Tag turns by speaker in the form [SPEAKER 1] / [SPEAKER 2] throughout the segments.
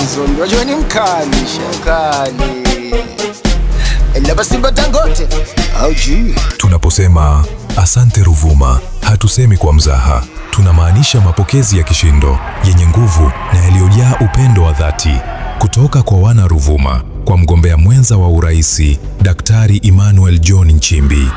[SPEAKER 1] hizo unajua ni mkani mkani Simba Dangote
[SPEAKER 2] Tunaposema asante Ruvuma, hatusemi kwa mzaha, tunamaanisha mapokezi ya kishindo yenye nguvu na yaliyojaa upendo wa dhati kutoka kwa wana Ruvuma kwa mgombea mwenza wa uraisi Daktari Emmanuel John Nchimbi.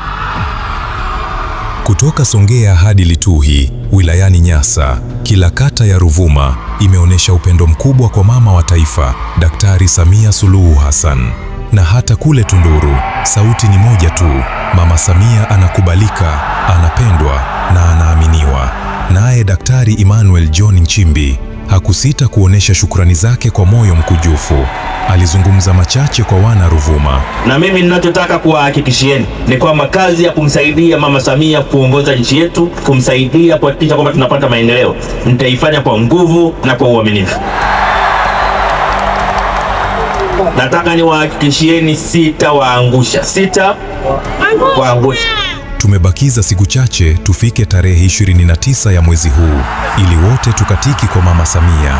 [SPEAKER 2] Kutoka Songea hadi Lituhi wilayani Nyasa, kila kata ya Ruvuma imeonyesha upendo mkubwa kwa mama wa taifa Daktari Samia Suluhu Hassan. Na hata kule Tunduru sauti ni moja tu, Mama Samia anakubalika, anapendwa na anaaminiwa. Naye Daktari Emmanuel John Nchimbi hakusita kuonesha shukrani zake kwa moyo mkujufu alizungumza machache kwa wana Ruvuma.
[SPEAKER 1] Na mimi ninachotaka kuwahakikishieni ni kwamba kazi ya kumsaidia Mama Samia kuongoza nchi yetu, kumsaidia kuhakikisha kwamba tunapata maendeleo, nitaifanya kwa nguvu na kwa uaminifu. Nataka niwahakikishieni sitawaangusha, sitawaangusha.
[SPEAKER 2] Tumebakiza siku chache tufike tarehe 29 ya mwezi huu ili wote tukatiki kwa Mama Samia.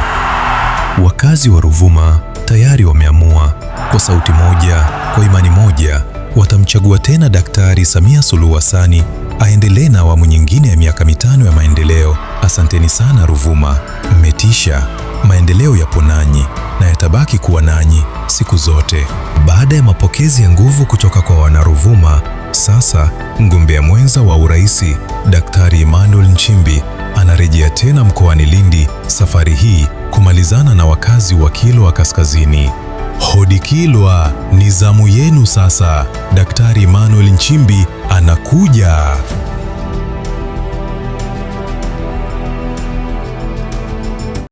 [SPEAKER 2] Wakazi wa Ruvuma tayari wameamua kwa sauti moja, kwa imani moja, watamchagua tena Daktari Samia Suluhu Hassani aendelee na awamu nyingine ya miaka mitano ya maendeleo. Asanteni sana Ruvuma, mmetisha. Maendeleo yapo nanyi na yatabaki kuwa nanyi siku zote. Baada ya mapokezi ya nguvu kutoka kwa wanaruvuma, sasa mgombea mwenza wa urais Daktari Emmanuel Nchimbi anarejea tena mkoani Lindi, safari hii kumalizana na wakazi wa Kilwa Kaskazini. Hodi Kilwa, ni zamu yenu sasa. Daktari Emmanuel Nchimbi anakuja.